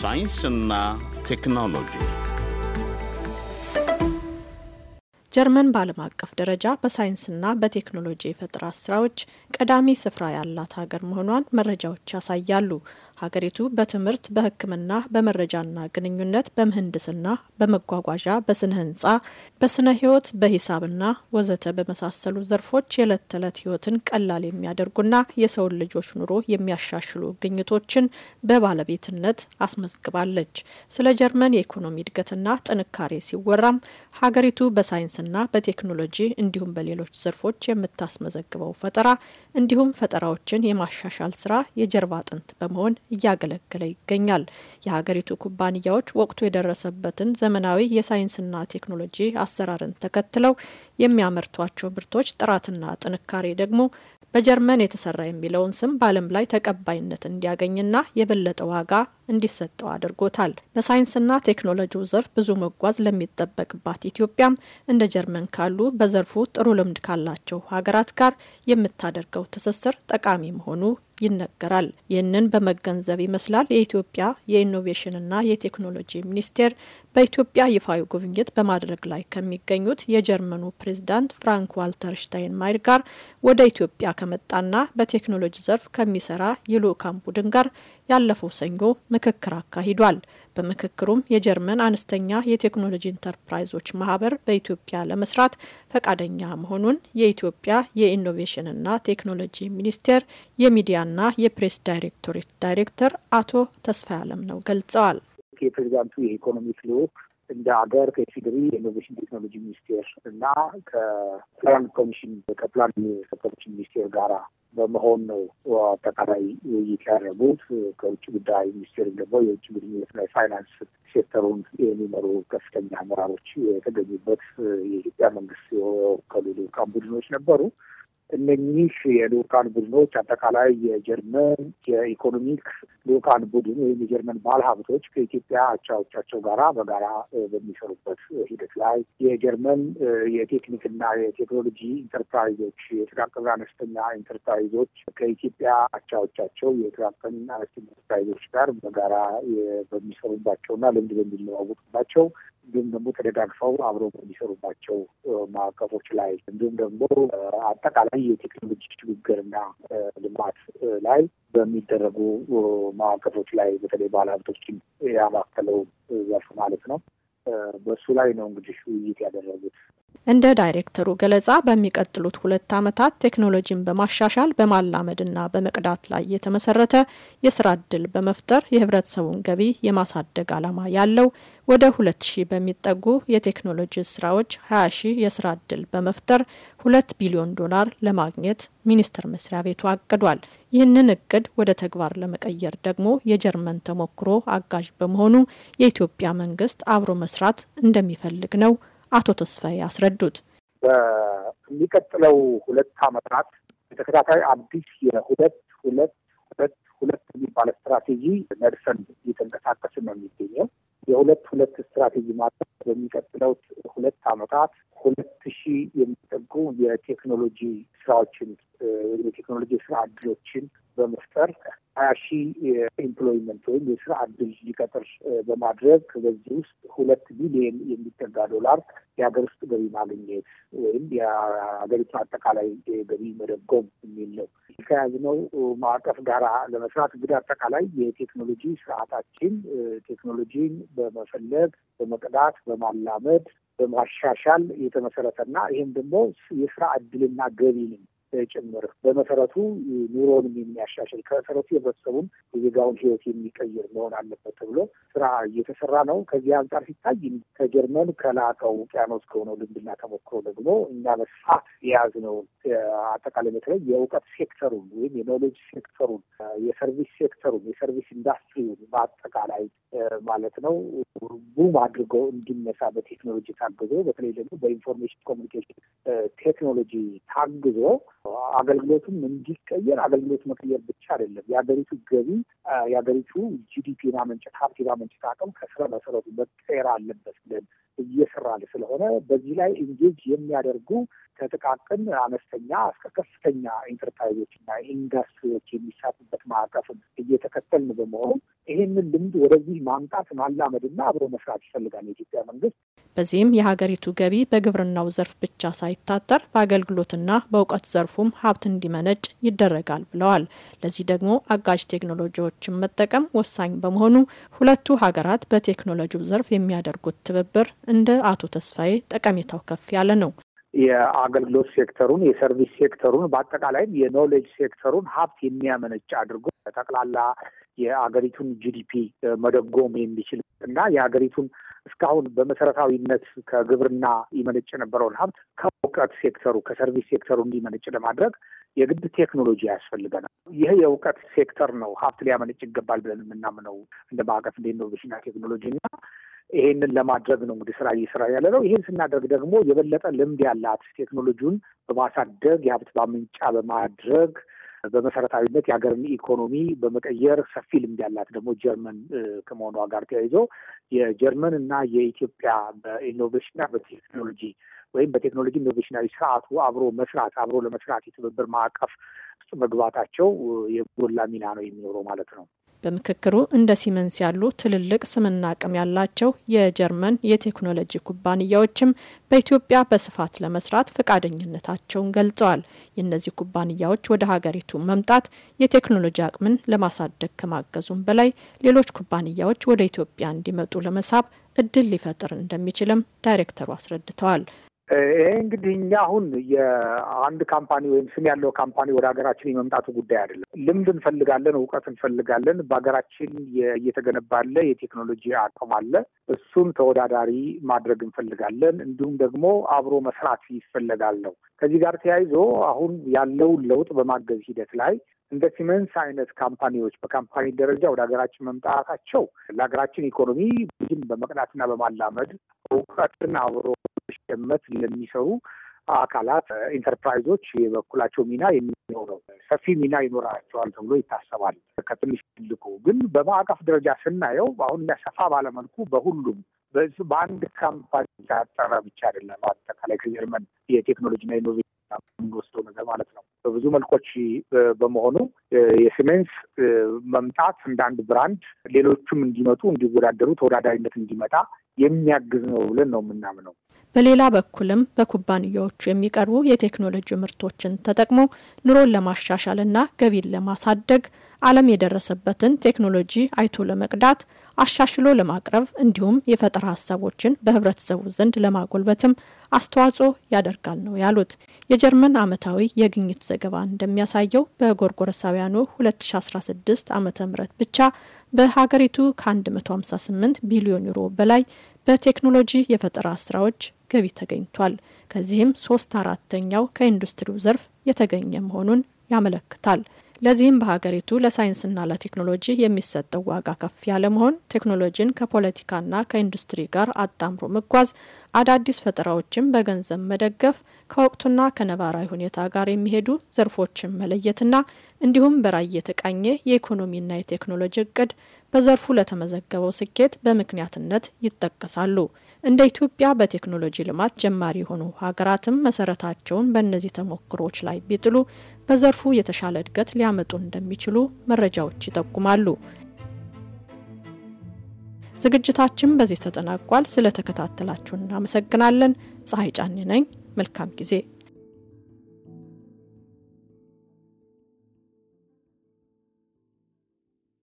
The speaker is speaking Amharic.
science and uh, technology. ጀርመን በዓለም አቀፍ ደረጃ በሳይንስና በቴክኖሎጂ የፈጠራ ስራዎች ቀዳሚ ስፍራ ያላት ሀገር መሆኗን መረጃዎች ያሳያሉ። ሀገሪቱ በትምህርት፣ በሕክምና፣ በመረጃና ግንኙነት፣ በምህንድስና፣ በመጓጓዣ፣ በስነ ህንጻ፣ በስነ ህይወት፣ በሂሳብና ወዘተ በመሳሰሉ ዘርፎች የዕለት ተዕለት ህይወትን ቀላል የሚያደርጉና የሰውን ልጆች ኑሮ የሚያሻሽሉ ግኝቶችን በባለቤትነት አስመዝግባለች። ስለ ጀርመን የኢኮኖሚ እድገትና ጥንካሬ ሲወራም ሀገሪቱ በሳይንስ በሳይንስና በቴክኖሎጂ እንዲሁም በሌሎች ዘርፎች የምታስመዘግበው ፈጠራ እንዲሁም ፈጠራዎችን የማሻሻል ስራ የጀርባ አጥንት በመሆን እያገለገለ ይገኛል። የሀገሪቱ ኩባንያዎች ወቅቱ የደረሰበትን ዘመናዊ የሳይንስና ቴክኖሎጂ አሰራርን ተከትለው የሚያመርቷቸው ምርቶች ጥራትና ጥንካሬ ደግሞ በጀርመን የተሰራ የሚለውን ስም በዓለም ላይ ተቀባይነት እንዲያገኝና የበለጠ ዋጋ እንዲሰጠው አድርጎታል። በሳይንስና ቴክኖሎጂው ዘርፍ ብዙ መጓዝ ለሚጠበቅባት ኢትዮጵያም እንደ ጀርመን ካሉ በዘርፉ ጥሩ ልምድ ካላቸው ሀገራት ጋር የምታደርገው ትስስር ጠቃሚ መሆኑ ይነገራል። ይህንን በመገንዘብ ይመስላል የኢትዮጵያ የኢኖቬሽንና የቴክኖሎጂ ሚኒስቴር በኢትዮጵያ ይፋዊ ጉብኝት በማድረግ ላይ ከሚገኙት የጀርመኑ ፕሬዝዳንት ፍራንክ ዋልተር ማይር ጋር ወደ ኢትዮጵያ ከመጣና በቴክኖሎጂ ዘርፍ ከሚሰራ የልዑካን ቡድን ጋር ያለፈው ሰኞ ምክክር አካሂዷል። በምክክሩም የጀርመን አነስተኛ የቴክኖሎጂ ኢንተርፕራይዞች ማህበር በኢትዮጵያ ለመስራት ፈቃደኛ መሆኑን የኢትዮጵያ የኢኖቬሽንና ቴክኖሎጂ ሚኒስቴር የሚዲያና የፕሬስ ዳይሬክቶሬት ዳይሬክተር አቶ ተስፋ ያለም ነው ገልጸዋል። የፕሬዚዳንቱ የኢኮኖሚ ፍልክ እንደ ሀገር ከኢፌዴሪ የኢኖቬሽን ቴክኖሎጂ ሚኒስቴር እና ከፕላን ኮሚሽን ከፕላን ኮሚሽን ሚኒስቴር ጋራ በመሆን ነው አጠቃላይ ውይይት ያደረጉት። ከውጭ ጉዳይ ሚኒስቴርም ደግሞ የውጭ ግንኙነትና የፋይናንስ ሴክተሩን የሚመሩ ከፍተኛ አመራሮች የተገኙበት የኢትዮጵያ መንግስት የወከሉ ልዑካን ቡድኖች ነበሩ። እነኚህ የልኡካን ቡድኖች አጠቃላይ የጀርመን የኢኮኖሚክ ልኡካን ቡድን ወይም የጀርመን ባለሀብቶች ከኢትዮጵያ አቻዎቻቸው ጋራ በጋራ በሚሰሩበት ሂደት ላይ የጀርመን የቴክኒክና የቴክኖሎጂ ኢንተርፕራይዞች የጥቃቅንና አነስተኛ ኢንተርፕራይዞች ከኢትዮጵያ አቻዎቻቸው የጥቃቅንና አነስተኛ ኢንተርፕራይዞች ጋር በጋራ በሚሰሩባቸውና ልምድ በሚለዋወጡባቸው እንዲሁም ደግሞ ተደጋግፈው አብሮ በሚሰሩባቸው ማዕቀፎች ላይ እንዲሁም ደግሞ አጠቃላይ የቴክኖሎጂ ሽግግርና ልማት ላይ በሚደረጉ ማዕቀፎች ላይ በተለይ ባለሀብቶችን ያማከለው ዘርፍ ማለት ነው። በእሱ ላይ ነው እንግዲህ ውይይት ያደረጉት። እንደ ዳይሬክተሩ ገለጻ በሚቀጥሉት ሁለት ዓመታት ቴክኖሎጂን በማሻሻል በማላመድና በመቅዳት ላይ የተመሰረተ የስራ እድል በመፍጠር የህብረተሰቡን ገቢ የማሳደግ ዓላማ ያለው ወደ 2000 በሚጠጉ የቴክኖሎጂ ስራዎች 20 የስራ ዕድል በመፍጠር 2 ቢሊዮን ዶላር ለማግኘት ሚኒስቴር መስሪያ ቤቱ አቅዷል። ይህንን እቅድ ወደ ተግባር ለመቀየር ደግሞ የጀርመን ተሞክሮ አጋዥ በመሆኑ የኢትዮጵያ መንግስት አብሮ መስራት እንደሚፈልግ ነው አቶ ተስፋዬ ያስረዱት። በሚቀጥለው ሁለት አመታት በተከታታይ አዲስ የሁለት ሁለት ሁለት ሁለት የሚባለ ስትራቴጂ ነድፈን እየተንቀሳቀስን ነው የሚገኘው የሁለት ሁለት ስትራቴጂ ማለት በሚቀጥለው ሁለት ዓመታት ሁለት ሺህ የሚጠጉ የቴክኖሎጂ ስራዎችን የቴክኖሎጂ ስራ እድሎችን በመፍጠር ሀያ ሺህ ኤምፕሎይመንት ወይም የስራ እድል ሊቀጥር በማድረግ በዚህ ውስጥ ሁለት ቢሊየን የሚጠጋ ዶላር የሀገር ውስጥ ገቢ ማግኘት ወይም የሀገሪቱ አጠቃላይ ገቢ መደጎም የሚል ነው። ከያዝነው ማዕቀፍ ጋራ ለመስራት እንግዲህ አጠቃላይ የቴክኖሎጂ ስርዓታችን ቴክኖሎጂን በመፈለግ በመቅዳት፣ በማላመድ በማሻሻል የተመሰረተ የተመሰረተና ይህም ደግሞ የስራ እድልና ገቢንም ጭምር በመሰረቱ ኑሮንም የሚያሻሽል ከመሰረቱ የህብረተሰቡን የዜጋውን ህይወት የሚቀይር መሆን አለበት ተብሎ ስራ እየተሰራ ነው። ከዚህ አንጻር ሲታይ ከጀርመን ከላቀው ውቅያኖስ ከሆነው ልምድና ተሞክሮ ደግሞ እኛ በስፋት የያዝነው አጠቃላይ በተለይ የእውቀት ሴክተሩን ወይም የኖሌጅ ሴክተሩን፣ የሰርቪስ ሴክተሩን፣ የሰርቪስ ኢንዱስትሪውን በአጠቃላይ ማለት ነው ቡም አድርጎ እንዲነሳ በቴክኖሎጂ ታግዞ በተለይ ደግሞ በኢንፎርሜሽን ኮሚኒኬሽን ቴክኖሎጂ ታግዞ አገልግሎቱም እንዲቀየር አገልግሎት መቀየር ብቻ አይደለም፣ የሀገሪቱ ገቢ የሀገሪቱ ጂዲፒ ማመንጨት ሀብት ማመንጨት አቅም ከስረ መሰረቱ መቀየር አለበት ብለን እየሰራል ስለሆነ በዚህ ላይ ኢንጌጅ የሚያደርጉ ከጥቃቅን አነስተኛ እስከ ከፍተኛ ኢንተርፕራይዞች እና ኢንዱስትሪዎች የሚሳቱበት ማዕቀፍን እየተከተልን በመሆኑ ይህንን ልምድ ወደዚህ ማምጣት ማላመድና አብሮ መስራት ይፈልጋል የኢትዮጵያ መንግስት። በዚህም የሀገሪቱ ገቢ በግብርናው ዘርፍ ብቻ ሳይታጠር በአገልግሎትና በእውቀት ዘርፉም ሀብት እንዲመነጭ ይደረጋል ብለዋል። ለዚህ ደግሞ አጋዥ ቴክኖሎጂዎችን መጠቀም ወሳኝ በመሆኑ ሁለቱ ሀገራት በቴክኖሎጂው ዘርፍ የሚያደርጉት ትብብር እንደ አቶ ተስፋዬ ጠቀሜታው ከፍ ያለ ነው። የአገልግሎት ሴክተሩን፣ የሰርቪስ ሴክተሩን፣ በአጠቃላይም የኖሌጅ ሴክተሩን ሀብት የሚያመነጭ አድርጎ ጠቅላላ የአገሪቱን ጂዲፒ መደጎም የሚችል እና የአገሪቱን እስካሁን በመሰረታዊነት ከግብርና ይመነጭ የነበረውን ሀብት ከእውቀት ሴክተሩ ከሰርቪስ ሴክተሩ እንዲመነጭ ለማድረግ የግድ ቴክኖሎጂ ያስፈልገናል። ይህ የእውቀት ሴክተር ነው ሀብት ሊያመነጭ ይገባል ብለን የምናምነው እንደ ማዕቀፍ እንደ ኢኖቬሽንና ቴክኖሎጂ እና ይሄንን ለማድረግ ነው እንግዲህ ስራ እየሰራ ያለ ነው። ይሄን ስናደርግ ደግሞ የበለጠ ልምድ ያላት ቴክኖሎጂውን በማሳደግ የሀብት ማመንጫ በማድረግ በመሰረታዊነት የሀገርን ኢኮኖሚ በመቀየር ሰፊ ልምድ ያላት ደግሞ ጀርመን ከመሆኗ ጋር ተያይዞ የጀርመን እና የኢትዮጵያ በኢኖቬሽንና በቴክኖሎጂ ወይም በቴክኖሎጂ ኢኖቬሽናዊ ስርዓቱ አብሮ መስራት አብሮ ለመስራት የትብብር ማዕቀፍ ውስጥ መግባታቸው የጎላ ሚና ነው የሚኖረው ማለት ነው። በምክክሩ እንደ ሲመንስ ያሉ ትልልቅ ስምና አቅም ያላቸው የጀርመን የቴክኖሎጂ ኩባንያዎችም በኢትዮጵያ በስፋት ለመስራት ፈቃደኝነታቸውን ገልጸዋል። የእነዚህ ኩባንያዎች ወደ ሀገሪቱ መምጣት የቴክኖሎጂ አቅምን ለማሳደግ ከማገዙም በላይ ሌሎች ኩባንያዎች ወደ ኢትዮጵያ እንዲመጡ ለመሳብ እድል ሊፈጥር እንደሚችልም ዳይሬክተሩ አስረድተዋል። ይሄ እንግዲህ እኛ አሁን የአንድ ካምፓኒ ወይም ስም ያለው ካምፓኒ ወደ ሀገራችን የመምጣቱ ጉዳይ አይደለም። ልምድ እንፈልጋለን፣ እውቀት እንፈልጋለን። በሀገራችን እየተገነባ ያለ የቴክኖሎጂ አቅም አለ። እሱን ተወዳዳሪ ማድረግ እንፈልጋለን። እንዲሁም ደግሞ አብሮ መስራት ይፈለጋል ነው። ከዚህ ጋር ተያይዞ አሁን ያለውን ለውጥ በማገዝ ሂደት ላይ እንደ ሲመንስ አይነት ካምፓኒዎች በካምፓኒ ደረጃ ወደ ሀገራችን መምጣታቸው ለሀገራችን ኢኮኖሚ ብዙም በመቅዳትና በማላመድ እውቀትን አብሮ ለማስደመጥ ለሚሰሩ አካላት ኢንተርፕራይዞች የበኩላቸው ሚና የሚኖረው ሰፊ ሚና ይኖራቸዋል ተብሎ ይታሰባል። ከትንሽ ትልቁ ግን በማዕቀፍ ደረጃ ስናየው አሁን ሰፋ ባለመልኩ በሁሉም በአንድ ካምፓኒ ያጠረ ብቻ አይደለም። አጠቃላይ ከጀርመን የቴክኖሎጂና ኢኖቬሽን የምንወስደው ነገር ማለት ነው። በብዙ መልኮች በመሆኑ የሲሜንስ መምጣት እንደ አንድ ብራንድ ሌሎቹም እንዲመጡ፣ እንዲወዳደሩ፣ ተወዳዳሪነት እንዲመጣ የሚያግዝ ነው ብለን ነው የምናምነው። በሌላ በኩልም በኩባንያዎቹ የሚቀርቡ የቴክኖሎጂ ምርቶችን ተጠቅሞ ኑሮን ለማሻሻልና ገቢን ለማሳደግ ዓለም የደረሰበትን ቴክኖሎጂ አይቶ ለመቅዳት አሻሽሎ ለማቅረብ እንዲሁም የፈጠራ ሀሳቦችን በህብረተሰቡ ዘንድ ለማጎልበትም አስተዋጽኦ ያደርጋል ነው ያሉት። የጀርመን ዓመታዊ የግኝት ዘገባ እንደሚያሳየው በጎርጎረሳውያኑ 2016 ዓ ም ብቻ በሀገሪቱ ከ158 ቢሊዮን ዩሮ በላይ በቴክኖሎጂ የፈጠራ ስራዎች ገቢ ተገኝቷል። ከዚህም ሶስት አራተኛው ከኢንዱስትሪው ዘርፍ የተገኘ መሆኑን ያመለክታል። ለዚህም በሀገሪቱ ለሳይንስና ለቴክኖሎጂ የሚሰጠው ዋጋ ከፍ ያለ መሆን፣ ቴክኖሎጂን ከፖለቲካና ከኢንዱስትሪ ጋር አጣምሮ መጓዝ፣ አዳዲስ ፈጠራዎችን በገንዘብ መደገፍ፣ ከወቅቱና ከነባራዊ ሁኔታ ጋር የሚሄዱ ዘርፎችን መለየትና እንዲሁም በራዕይ የተቃኘ የኢኮኖሚና የቴክኖሎጂ እቅድ በዘርፉ ለተመዘገበው ስኬት በምክንያትነት ይጠቀሳሉ። እንደ ኢትዮጵያ በቴክኖሎጂ ልማት ጀማሪ የሆኑ ሀገራትም መሰረታቸውን በእነዚህ ተሞክሮች ላይ ቢጥሉ በዘርፉ የተሻለ እድገት ሊያመጡ እንደሚችሉ መረጃዎች ይጠቁማሉ። ዝግጅታችን በዚህ ተጠናቋል። ስለተከታተላችሁ እናመሰግናለን። ፀሐይ ጫኔ ነኝ። መልካም ጊዜ